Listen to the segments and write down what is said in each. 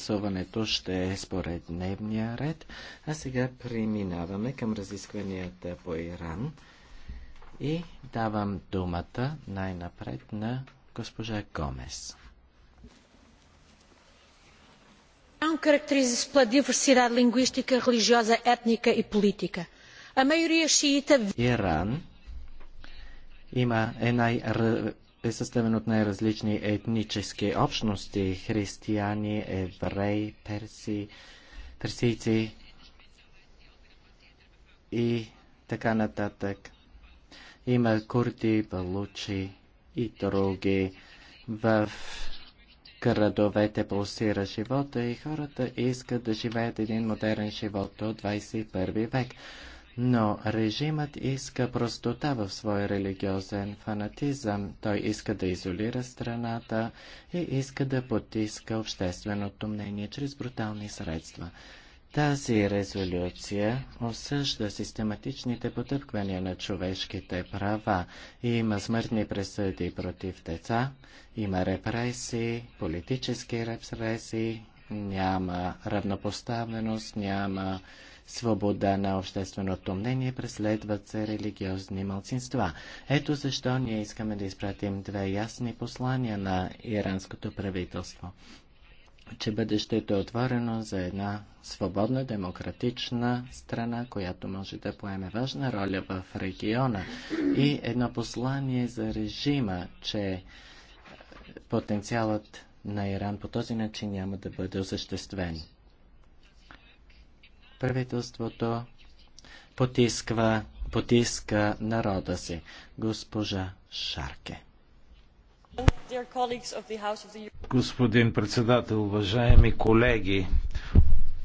гласуването ще е според дневния ред. А сега преминаваме към разискванията по Иран и давам думата най-напред на госпожа Гомес. Иран характеризи с pela diversidade linguística, religiosa, étnica e política. A maioria Иран има една е съставен от най-различни етнически общности – християни, евреи, перси, персийци и така нататък. Има курди, балучи и други. В градовете пулсира живота и хората искат да живеят един модерен живот до 21 век. Но режимът иска простота в своя религиозен фанатизъм. Той иска да изолира страната и иска да потиска общественото мнение чрез брутални средства. Тази резолюция осъжда систематичните потъпквания на човешките права и има смъртни пресъди против деца, има репресии, политически репресии, няма равнопоставеност, няма свобода на общественото мнение, преследват се религиозни мълцинства. Ето защо ние искаме да изпратим две ясни послания на иранското правителство че бъдещето е отворено за една свободна, демократична страна, която може да поеме важна роля в региона. И едно послание за режима, че потенциалът на Иран по този начин няма да бъде осъществен. Правителството потисква, потиска народа си. Госпожа Шарке. Господин председател, уважаеми колеги,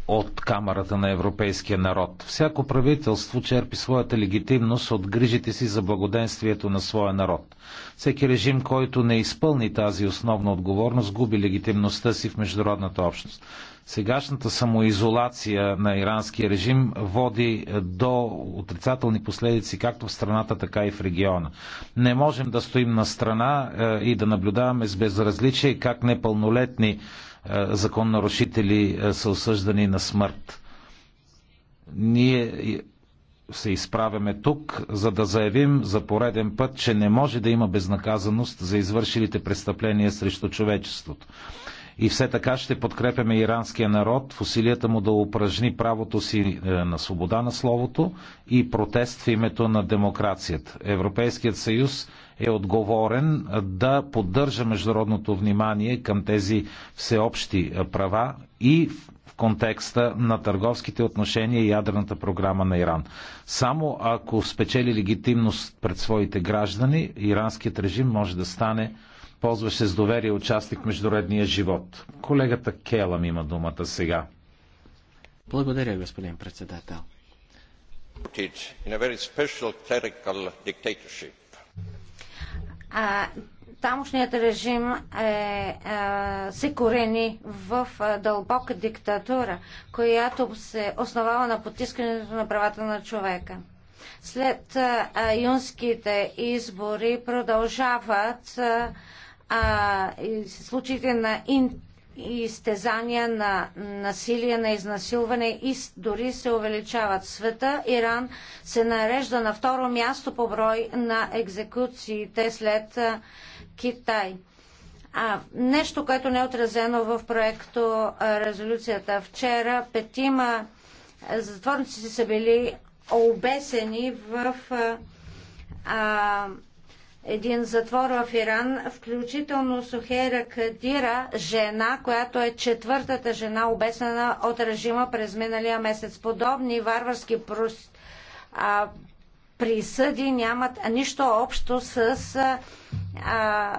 от Камерата на Европейския народ. Всяко правителство черпи своята легитимност от грижите си за благоденствието на своя народ. Всеки режим, който не изпълни тази основна отговорност, губи легитимността си в международната общност. Сегашната самоизолация на иранския режим води до отрицателни последици както в страната, така и в региона. Не можем да стоим на страна е, и да наблюдаваме с безразличие как непълнолетни е, закононарушители е, са осъждани на смърт. Ние се изправяме тук, за да заявим за пореден път, че не може да има безнаказаност за извършилите престъпления срещу човечеството. И все така ще подкрепяме иранския народ в усилията му да упражни правото си е, на свобода на словото и протест в името на демокрацията. Европейският съюз е отговорен да поддържа международното внимание към тези всеобщи права и в контекста на търговските отношения и ядрената програма на Иран. Само ако спечели легитимност пред своите граждани, иранският режим може да стане ползваше с доверие участник в международния живот. Колегата Келам има думата сега. Благодаря, господин председател а, тамошният режим е, а, се корени в а, дълбока диктатура, която се основава на потискането на правата на човека. След а, юнските избори продължават а, а, случаите на интелигентност изтезания, на насилие, на изнасилване и дори се увеличават. Света Иран се нарежда на второ място по брой на екзекуциите след Китай. А, нещо, което не е отразено в проекто резолюцията. Вчера петима затворници са били обесени в а, един затвор в Иран, включително Сухера Кадира, жена, която е четвъртата жена, обеснана от режима през миналия месец. Подобни варварски прос... а, присъди нямат нищо общо с а,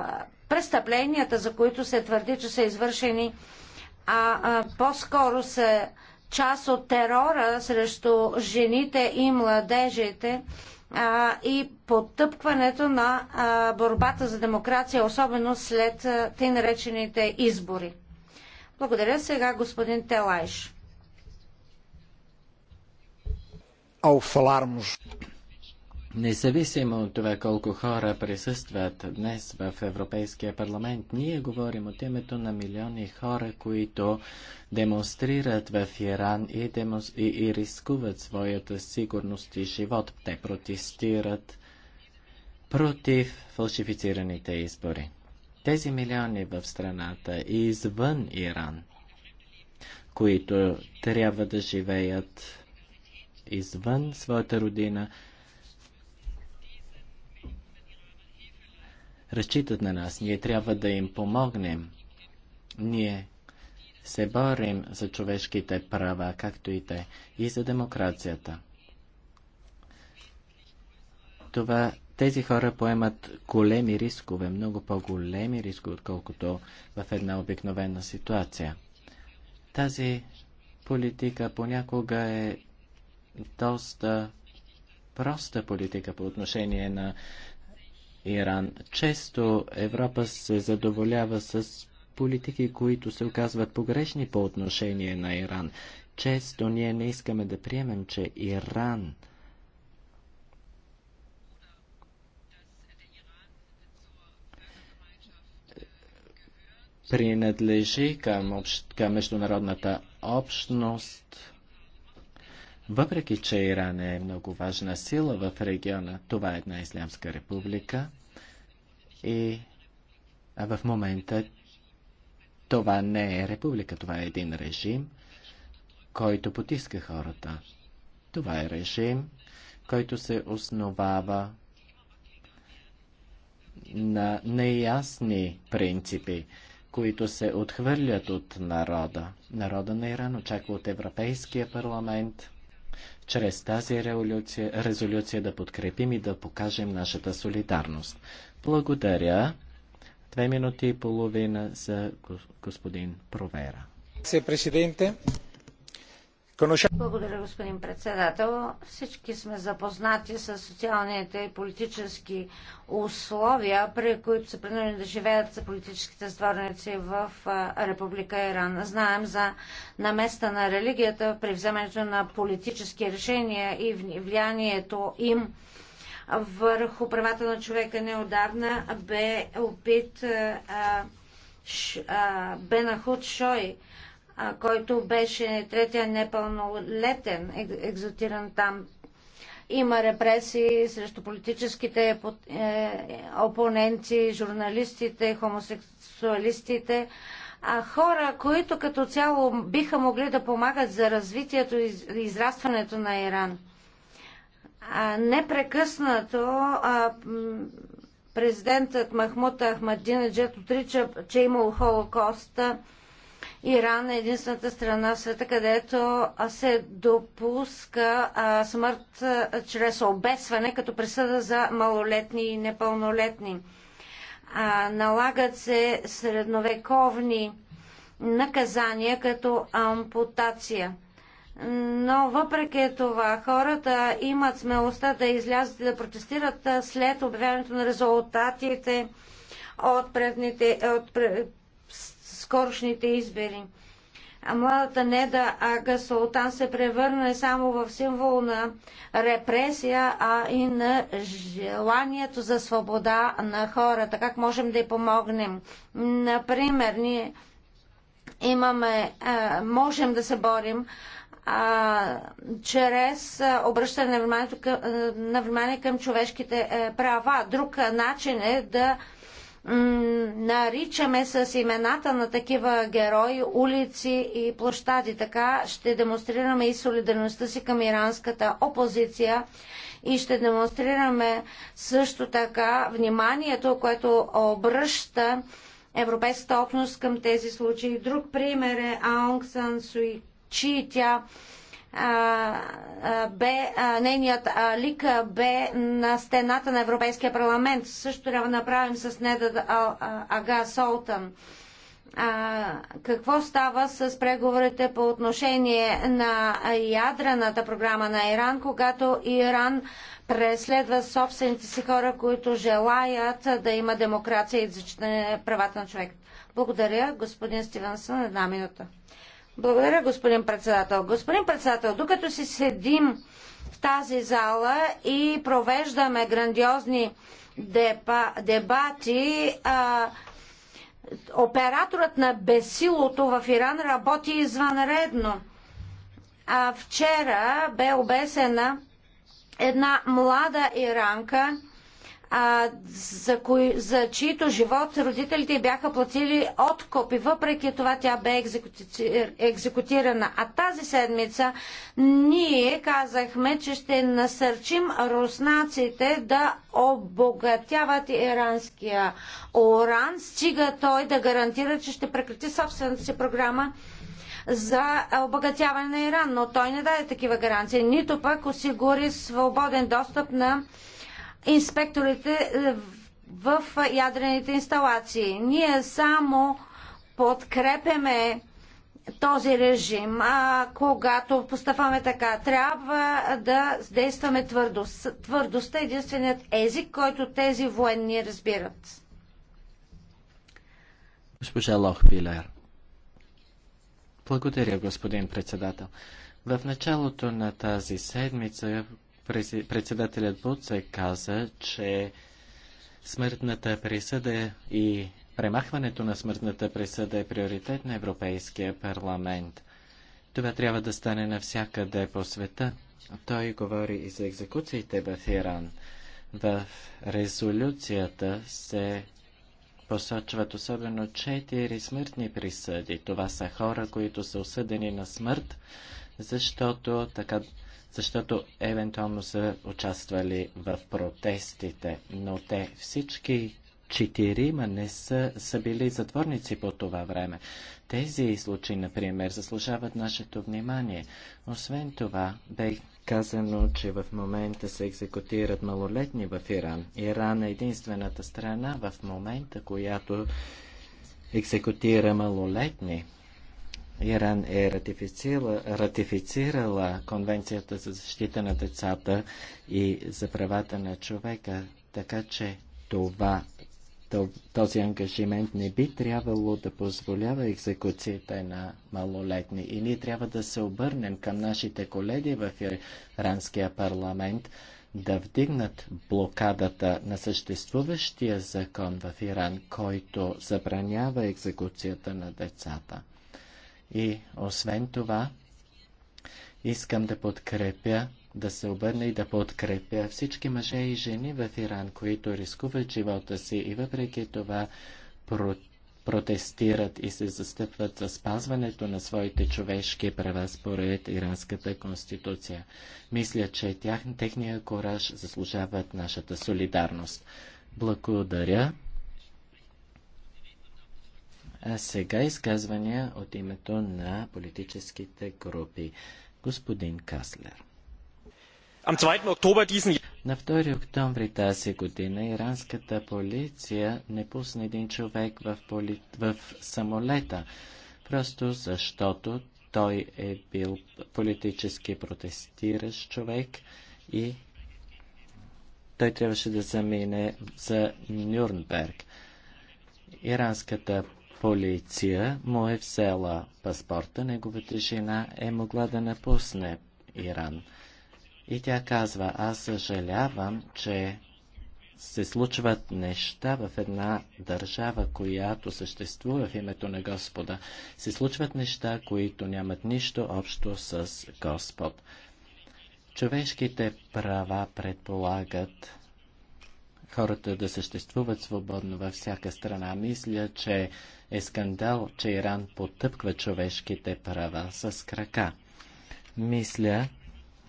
престъпленията, за които се твърди, че са извършени, а, а по-скоро са част от терора срещу жените и младежите и потъпкването на борбата за демокрация, особено след тъй наречените избори. Благодаря сега господин Телайш. Ao falarmos Независимо от това колко хора присъстват днес в Европейския парламент, ние говорим от името на милиони хора, които демонстрират в Иран и, демос... и, и рискуват своята сигурност и живот. Те протестират против фалшифицираните избори. Тези милиони в страната и извън Иран, които трябва да живеят извън своята родина, разчитат на нас. Ние трябва да им помогнем. Ние се борим за човешките права, както и те, и за демокрацията. Това, тези хора поемат големи рискове, много по-големи рискове, отколкото в една обикновена ситуация. Тази политика понякога е доста проста политика по отношение на Иран. Често Европа се задоволява с политики, които се оказват погрешни по отношение на Иран. Често ние не искаме да приемем, че Иран принадлежи към, общ... към международната общност въпреки, че Иран е много важна сила в региона, това е една ислямска република и в момента това не е република, това е един режим, който потиска хората. Това е режим, който се основава на неясни принципи, които се отхвърлят от народа. Народа на Иран очаква от Европейския парламент чрез тази резолюция, резолюция да подкрепим и да покажем нашата солидарност. Благодаря. Две минути и половина за господин Провера. Президенте, благодаря, господин председател. Всички сме запознати с социалните и политически условия, при които са принудени да живеят за политическите затворници в Република Иран. Знаем за наместа на религията при вземането на политически решения и влиянието им върху правата на човека неодавна бе опит а, ш, а, Бенахуд Шой който беше третия непълнолетен, екзотиран там. Има репресии срещу политическите е, е, опоненти, журналистите, хомосексуалистите, а хора, които като цяло биха могли да помагат за развитието и израстването на Иран. А, непрекъснато а, президентът Махмуд Ахмадинаджет отрича, че е имал Холокоста Иран е единствената страна в света, където се допуска смърт чрез обесване като присъда за малолетни и непълнолетни. налагат се средновековни наказания като ампутация. Но въпреки това хората имат смелостта да излязат и да протестират след обявяването на резултатите от, предните, от скорошните избери. А младата Неда Ага Султан се превърна не само в символ на репресия, а и на желанието за свобода на хората. Как можем да й помогнем? Например, ние имаме, можем да се борим а, чрез обръщане на, към, на внимание към човешките права. Друг начин е да наричаме с имената на такива герои улици и площади. Така ще демонстрираме и солидарността си към иранската опозиция и ще демонстрираме също така вниманието, което обръща европейската общност към тези случаи. Друг пример е Аунг Сан Суи Чи. Тя бе, нейният лик бе на стената на Европейския парламент. Също трябва да направим с Неда Ага Солтан. А, какво става с преговорите по отношение на ядрената програма на Иран, когато Иран преследва собствените си хора, които желаят да има демокрация и защитане правата на човек? Благодаря, господин Стивенсън. Една минута. Благодаря, господин председател. Господин председател, докато си седим в тази зала и провеждаме грандиозни депа, дебати, а, операторът на бесилото в Иран работи извънредно. А вчера бе обесена една млада иранка, а, за, кои, за чието живот родителите бяха платили откуп и въпреки това тя бе екзекутирана. А тази седмица ние казахме, че ще насърчим руснаците да обогатяват иранския уран, стига той да гарантира, че ще прекрати собствената си програма за обогатяване на Иран, но той не даде такива гаранции, нито пък осигури свободен достъп на инспекторите е, в ядрените инсталации. Ние само подкрепяме този режим, а когато поставаме така, трябва да действаме твърдост Твърдостта е единственият език, който тези военни разбират. Госпожа Лохпилер. Благодаря, господин председател. В началото на тази седмица Председателят Буце каза, че смъртната присъда и премахването на смъртната присъда е приоритет на Европейския парламент. Това трябва да стане навсякъде по света. Той говори и за екзекуциите в Иран. В резолюцията се посочват особено четири смъртни присъди. Това са хора, които са осъдени на смърт, защото така защото евентуално са участвали в протестите, но те всички четирима не са, са били затворници по това време. Тези случаи, например, заслужават нашето внимание. Освен това, бе казано, че в момента се екзекутират малолетни в Иран. Иран е единствената страна в момента, която екзекутира малолетни. Иран е ратифицирала, ратифицирала Конвенцията за защита на децата и за правата на човека, така че това, този ангажимент не би трябвало да позволява екзекуцията на малолетни. И ние трябва да се обърнем към нашите колеги в Иранския парламент да вдигнат блокадата на съществуващия закон в Иран, който забранява екзекуцията на децата. И освен това, искам да подкрепя, да се обърна и да подкрепя всички мъже и жени в Иран, които рискуват живота си и въпреки това протестират и се застъпват за спазването на своите човешки права според иранската конституция. Мисля, че тях, техния кораж заслужават нашата солидарност. Благодаря. А сега изказвания от името на политическите групи. Господин Каслер. На 2 октомври тази година иранската полиция не пусна един човек в, поли... в самолета, просто защото той е бил политически протестиращ човек и той трябваше да замине за Нюрнберг. Иранската полиция му е взела паспорта, неговата жена е могла да напусне Иран. И тя казва, аз съжалявам, че се случват неща в една държава, която съществува в името на Господа. Се случват неща, които нямат нищо общо с Господ. Човешките права предполагат хората да съществуват свободно във всяка страна. Мисля, че е скандал, че Иран потъпква човешките права с крака. Мисля,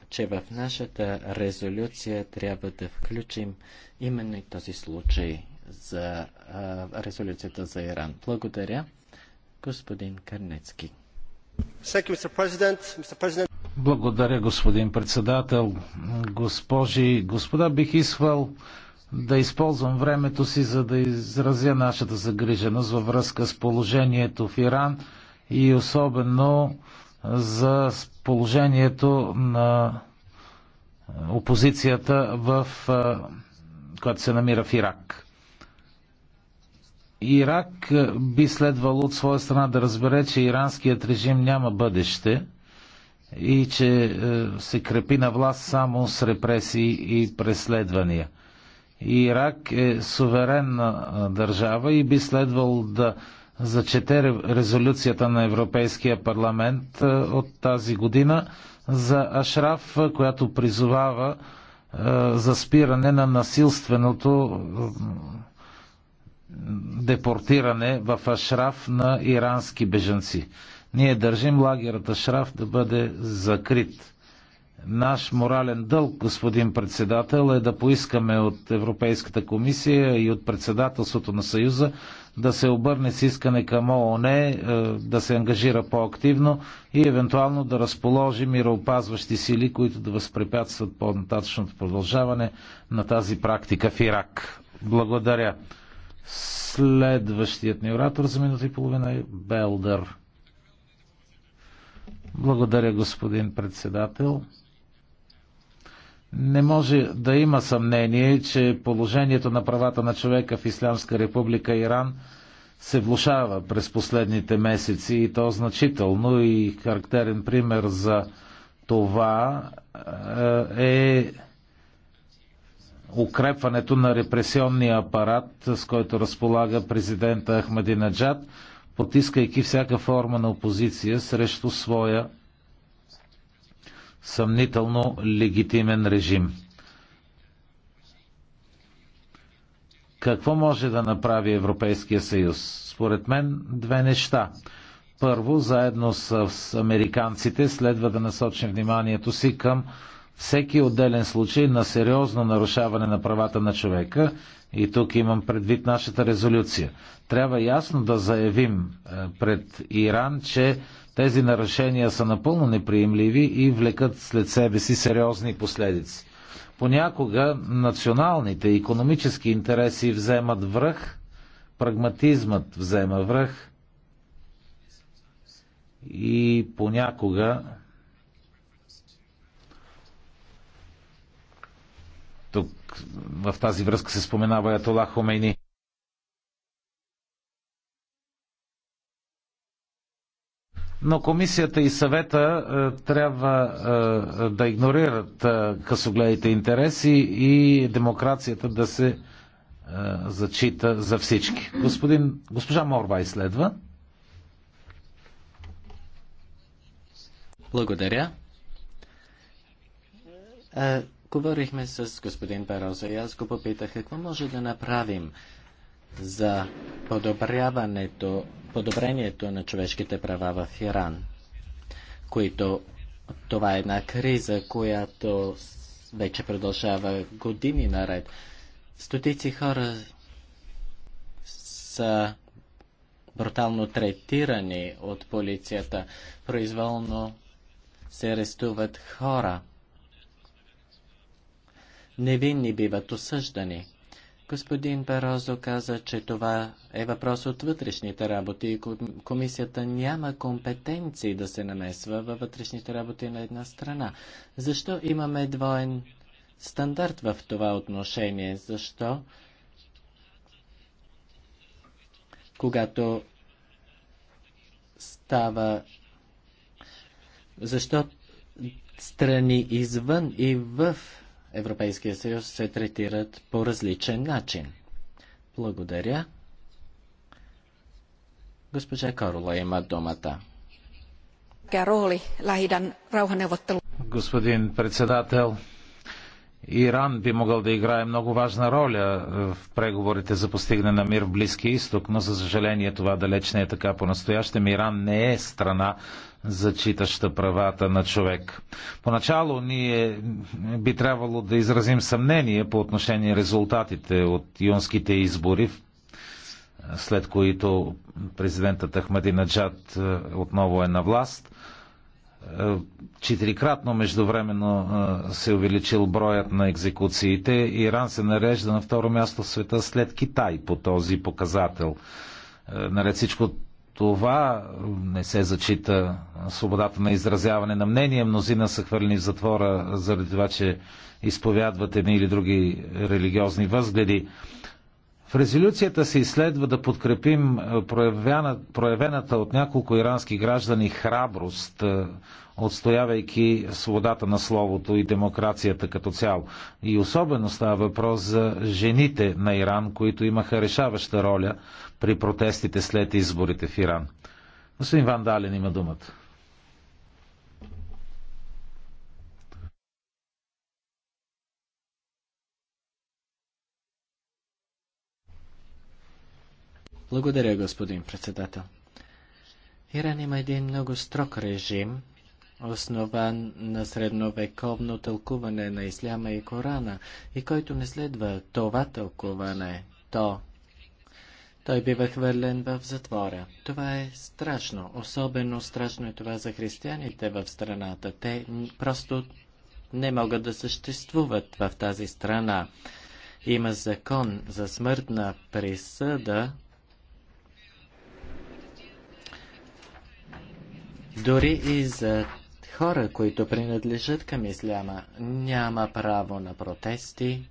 че в нашата резолюция трябва да включим именно и този случай за а, резолюцията за Иран. Благодаря, господин Карнецки. Благодаря, господин председател. Госпожи, господа, бих исвал да използвам времето си, за да изразя нашата загриженост във връзка с положението в Иран и особено за положението на опозицията, в, която се намира в Ирак. Ирак би следвало от своя страна да разбере, че иранският режим няма бъдеще и че се крепи на власт само с репресии и преследвания – Ирак е суверенна държава и би следвал да зачете резолюцията на Европейския парламент от тази година за Ашраф, която призовава за спиране на насилственото депортиране в Ашраф на ирански бежанци. Ние държим лагерът Ашраф да бъде закрит. Наш морален дълг, господин председател, е да поискаме от Европейската комисия и от председателството на Съюза да се обърне с искане към ООН, е, да се ангажира по-активно и евентуално да разположи мироопазващи сили, които да възпрепятстват по-нататъчното продължаване на тази практика в Ирак. Благодаря. Следващият ни оратор за минута и половина е Белдър. Благодаря, господин председател. Не може да има съмнение, че положението на правата на човека в Ислямска република Иран се влушава през последните месеци и то значително и характерен пример за това е, е укрепването на репресионния апарат, с който разполага президента Ахмадинаджад, потискайки всяка форма на опозиция срещу своя съмнително легитимен режим. Какво може да направи Европейския съюз? Според мен две неща. Първо, заедно с американците следва да насочим вниманието си към всеки отделен случай на сериозно нарушаване на правата на човека, и тук имам предвид нашата резолюция, трябва ясно да заявим е, пред Иран, че тези нарушения са напълно неприемливи и влекат след себе си сериозни последици. Понякога националните економически интереси вземат връх, прагматизмът взема връх и понякога тук в тази връзка се споменава Ятола Хомейни. но комисията и съвета е, трябва е, е, да игнорират късогледите интереси и демокрацията да се зачита за всички. Господин, госпожа Морвай следва. Благодаря. говорихме с господин Бароза и аз го попитах какво може да направим за подобряването, подобрението на човешките права в Иран, които това е една криза, която вече продължава години наред. Стотици хора са брутално третирани от полицията. Произволно се арестуват хора. Невинни биват осъждани. Господин Барозо каза, че това е въпрос от вътрешните работи и комисията няма компетенции да се намесва във вътрешните работи на една страна. Защо имаме двоен стандарт в това отношение? Защо? Когато става... Защо страни извън и в Европейския съюз се третират по различен начин. Благодаря. Госпожа Карола има думата. Господин председател, Иран би могъл да играе много важна роля в преговорите за постигане на мир в Близкия изток, но за съжаление това далеч не е така по-настоящем. Иран не е страна, зачитаща правата на човек. Поначало ние би трябвало да изразим съмнение по отношение резултатите от юнските избори, след които президентът Ахмадинаджад е, отново е на власт – Четирикратно междувременно се е увеличил броят на екзекуциите. Иран се нарежда на второ място в света след Китай по този показател. Наред всичко това не се зачита свободата на изразяване на мнение. Мнозина са хвърлени в затвора заради това, че изповядват едни или други религиозни възгледи. В резолюцията се изследва да подкрепим е, проявена, проявената от няколко ирански граждани храброст, е, отстоявайки свободата на словото и демокрацията като цяло. И особено става въпрос за жените на Иран, които имаха решаваща роля при протестите след изборите в Иран. Господин Ван Дален има думата. Благодаря, господин председател. Иран има един много строг режим, основан на средновековно тълкуване на Исляма и Корана, и който не следва това тълкуване, то той бива хвърлен в затвора. Това е страшно. Особено страшно е това за християните в страната. Те просто не могат да съществуват в тази страна. Има закон за смъртна присъда, Дори и за хора, които принадлежат към исляма, няма право на протести.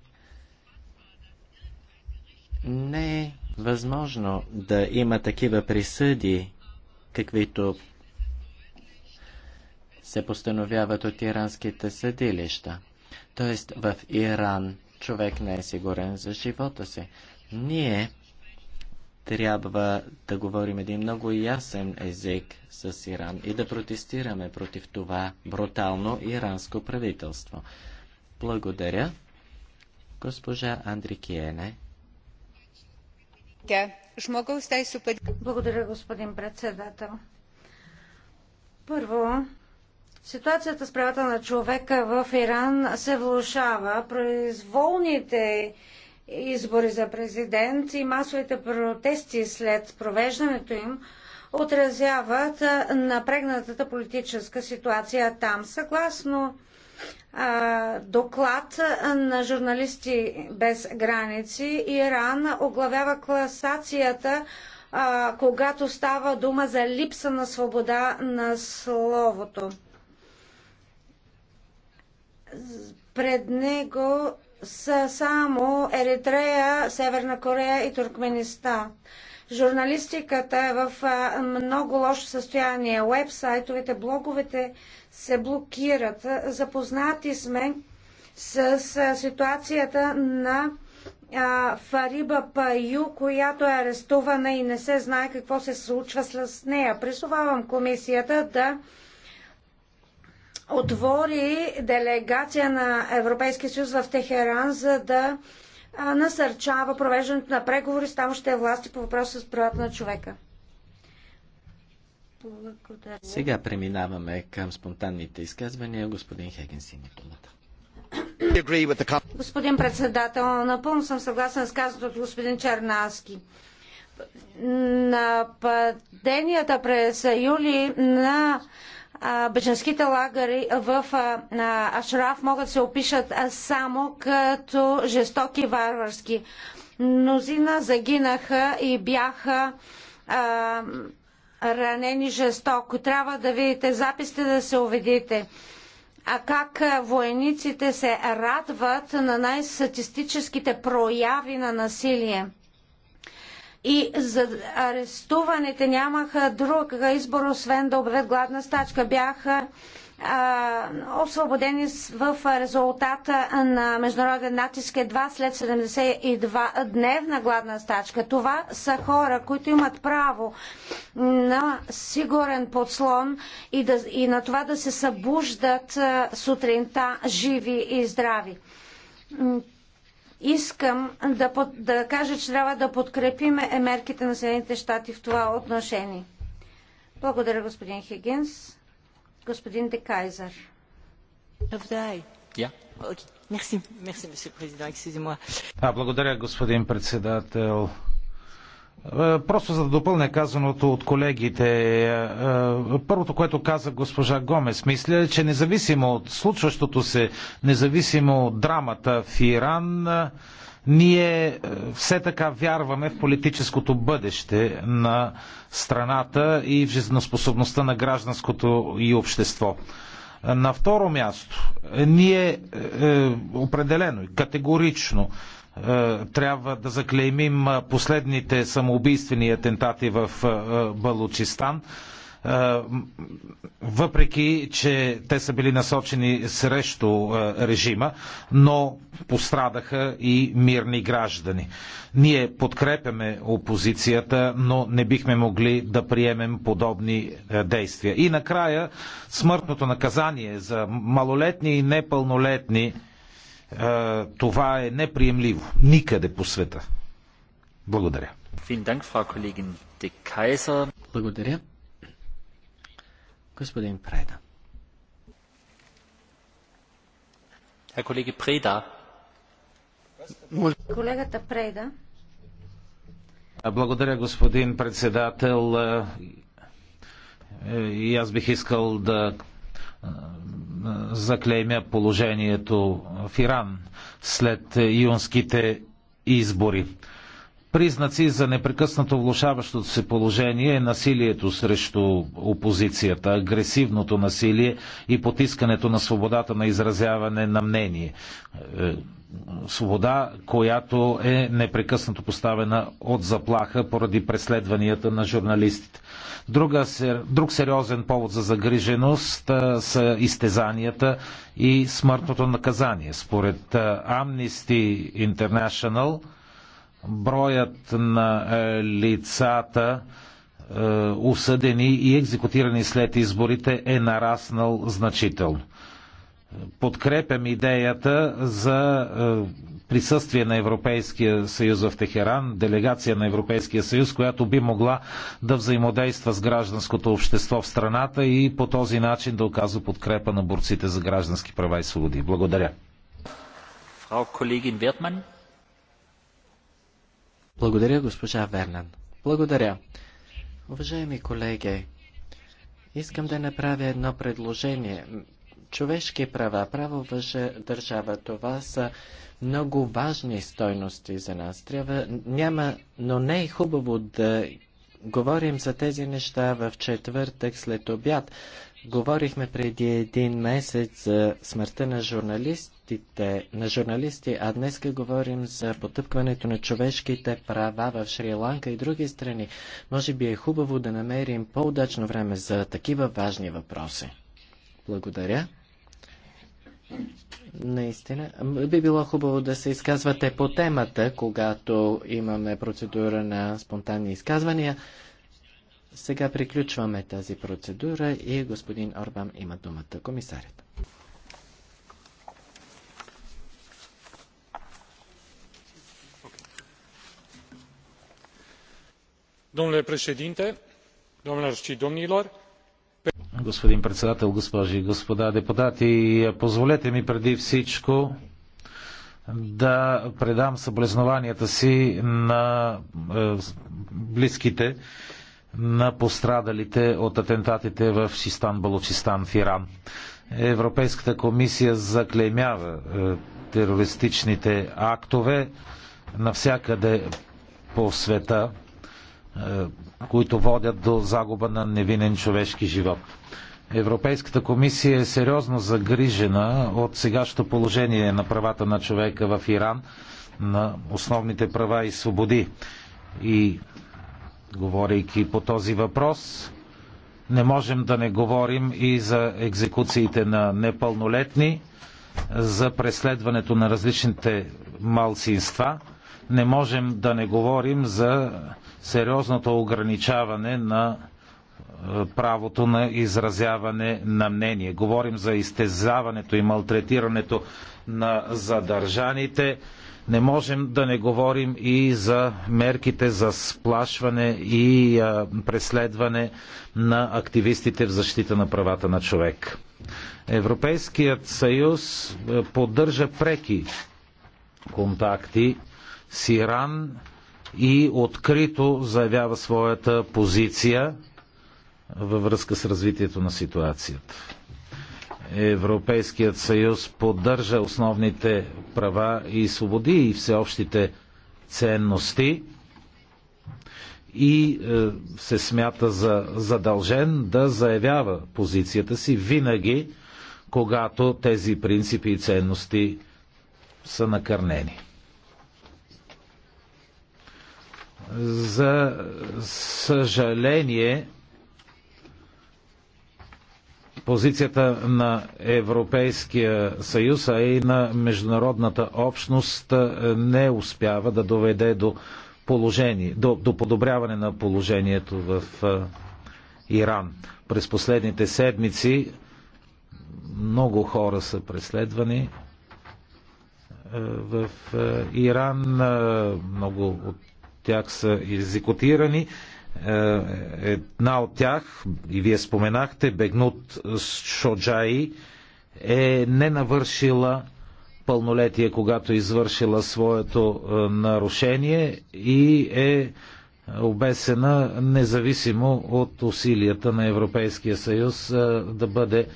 Не е възможно да има такива присъди, каквито се постановяват от иранските съдилища. Тоест в Иран човек не е сигурен за живота си. Ние трябва да говорим един много ясен език с Иран и да протестираме против това брутално иранско правителство. Благодаря, госпожа Андрикиене. Благодаря, господин председател. Първо, ситуацията с правата на човека в Иран се влушава. Произволните избори за президент и масовите протести след провеждането им отразяват напрегнатата политическа ситуация там. Съгласно а, доклад на журналисти без граници, Иран оглавява класацията а, когато става дума за липса на свобода на словото. Пред него са само Еритрея, Северна Корея и Туркменистан. Журналистиката е в много лошо състояние. Уебсайтовете, блоговете се блокират. Запознати сме с ситуацията на Фариба Паю, която е арестувана и не се знае какво се случва с нея. Присувавам комисията да отвори делегация на Европейския съюз в Техеран, за да насърчава провеждането на преговори с тамощите власти по въпроса с правата на човека. Благодаря. Сега преминаваме към спонтанните изказвания. Господин Хегенсин е думата. Господин председател, напълно съм съгласен с казаното от господин Чернаски. Нападенията през юли на беженските лагери в Ашраф могат да се опишат само като жестоки варварски. Мнозина загинаха и бяха а, ранени жестоко. Трябва да видите записите, да се убедите. А как войниците се радват на най-статистическите прояви на насилие и за арестуваните нямаха друг избор, освен да обявят гладна стачка. Бяха а, освободени в резултата на международен натиск едва след 72 дневна гладна стачка. Това са хора, които имат право на сигурен подслон и, да, и на това да се събуждат сутринта живи и здрави. Искам да, под, да кажа, че трябва да подкрепим е мерките на Съединените щати в това отношение. Благодаря, господин Хигинс. Господин Декайзер. Добре. Благодаря, господин председател. Е, просто за да допълня казаното от колегите, е, е, първото, което каза госпожа Гомес, мисля, че независимо от случващото се, независимо от драмата в Иран, ние все така вярваме в политическото бъдеще на страната и в жизнеспособността на гражданското и общество. На второ място, ние определено и категорично е, трябва да заклеймим последните самоубийствени атентати в е, е, Балучистан, въпреки че те са били насочени срещу режима, но пострадаха и мирни граждани. Ние подкрепяме опозицията, но не бихме могли да приемем подобни действия. И накрая смъртното наказание за малолетни и непълнолетни е, това е неприемливо никъде по света. Благодаря. Благодаря. Господин Преда. Колегата Преда. Благодаря, господин председател. Е, и аз бих искал да заклеймя положението в Иран след юнските избори. Признаци за непрекъснато влушаващото се положение е насилието срещу опозицията, агресивното насилие и потискането на свободата на изразяване на мнение. Е, свобода, която е непрекъснато поставена от заплаха поради преследванията на журналистите. Друга, друг сериозен повод за загриженост е, са изтезанията и смъртното наказание. Според е, Amnesty International, броят на е, лицата, е, осъдени и екзекутирани след изборите, е нараснал значително. Подкрепям идеята за е, присъствие на Европейския съюз в Техеран, делегация на Европейския съюз, която би могла да взаимодейства с гражданското общество в страната и по този начин да оказва подкрепа на борците за граждански права и свободи. Благодаря. Благодаря, госпожа Вернан. Благодаря. Уважаеми колеги, искам да направя едно предложение. Човешки права, право въже държава, това са много важни стойности за нас. Трябва, няма, но не е хубаво да говорим за тези неща в четвъртък след обяд. Говорихме преди един месец за смъртта на журналист журналистите, на журналисти, а днес говорим за потъпкването на човешките права в Шри-Ланка и други страни. Може би е хубаво да намерим по-удачно време за такива важни въпроси. Благодаря. Наистина. Би било хубаво да се изказвате по темата, когато имаме процедура на спонтанни изказвания. Сега приключваме тази процедура и господин Орбан има думата. Комисарят. Господин председател, госпожи и господа депутати, позволете ми преди всичко да предам съболезнованията си на е, близките на пострадалите от атентатите в Систан, Балучистан в Иран. Европейската комисия заклеймява е, терористичните актове навсякъде по света. Е, които водят до загуба на невинен човешки живот. Европейската комисия е сериозно загрижена от сегашното положение на правата на човека в Иран, на основните права и свободи. И говорейки по този въпрос, не можем да не говорим и за екзекуциите на непълнолетни, за преследването на различните малцинства – не можем да не говорим за сериозното ограничаване на е, правото на изразяване на мнение. Говорим за изтезаването и малтретирането на задържаните. Не можем да не говорим и за мерките за сплашване и е, преследване на активистите в защита на правата на човек. Европейският съюз е, поддържа преки контакти с Иран и открито заявява своята позиция във връзка с развитието на ситуацията. Европейският съюз поддържа основните права и свободи и всеобщите ценности и е, се смята за задължен да заявява позицията си винаги, когато тези принципи и ценности са накърнени. За съжаление, позицията на Европейския съюз, а и на международната общност не успява да доведе до, положение, до, до подобряване на положението в Иран. През последните седмици много хора са преследвани в Иран. Много от тях са екзекутирани. Е, една от тях, и вие споменахте, Бегнут Шоджаи, е не навършила пълнолетие, когато извършила своето е, нарушение и е обесена независимо от усилията на Европейския съюз е, да бъде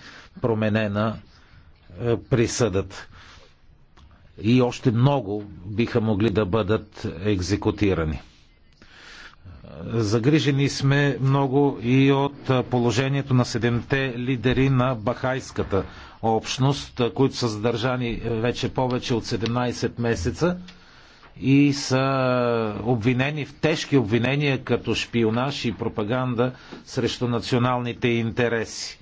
променена присъдата и още много биха могли да бъдат екзекутирани. Загрижени сме много и от положението на седемте лидери на Бахайската общност, които са задържани вече повече от 17 месеца и са обвинени в тежки обвинения като шпионаж и пропаганда срещу националните интереси.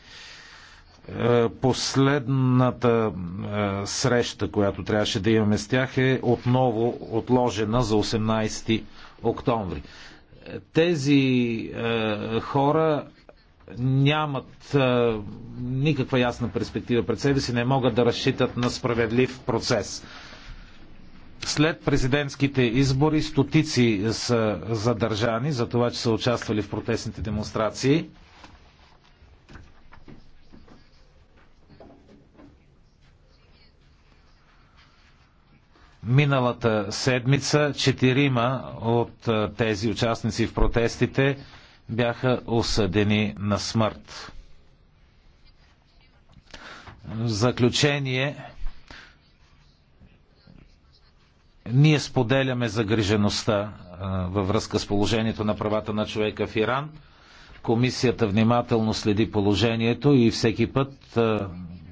Последната е, среща, която трябваше да имаме с тях е отново отложена за 18 октомври. Тези е, хора нямат е, никаква ясна перспектива пред себе си, не могат да разчитат на справедлив процес. След президентските избори стотици са задържани за това, че са участвали в протестните демонстрации. Миналата седмица четирима от тези участници в протестите бяха осъдени на смърт. В заключение, ние споделяме загрижеността във връзка с положението на правата на човека в Иран. Комисията внимателно следи положението и всеки път,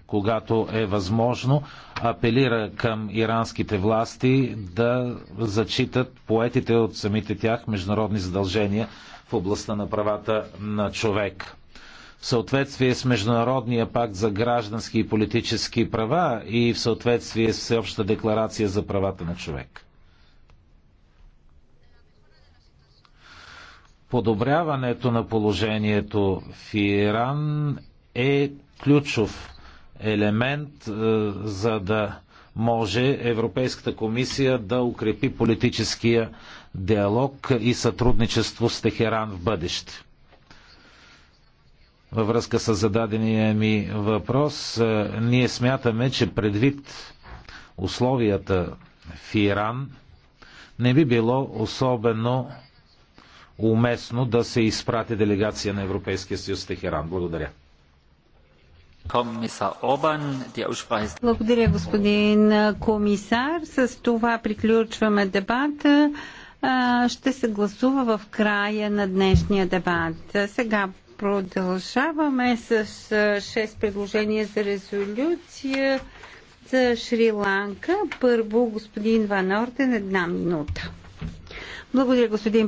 когато е възможно, апелира към иранските власти да зачитат поетите от самите тях международни задължения в областта на правата на човек. В съответствие с Международния пакт за граждански и политически права и в съответствие с Всеобща декларация за правата на човек. Подобряването на положението в Иран е ключов елемент, е, за да може Европейската комисия да укрепи политическия диалог и сътрудничество с Техеран в бъдеще. Във връзка с зададения ми въпрос, е, ние смятаме, че предвид условията в Иран, не би било особено уместно да се изпрати делегация на Европейския съюз в Техеран. Благодаря. Благодаря, господин комисар. С това приключваме дебата. Ще се гласува в края на днешния дебат. Сега продължаваме с 6 предложения за резолюция за Шри-Ланка. Първо господин Ван Орден, една минута. Благодаря, господин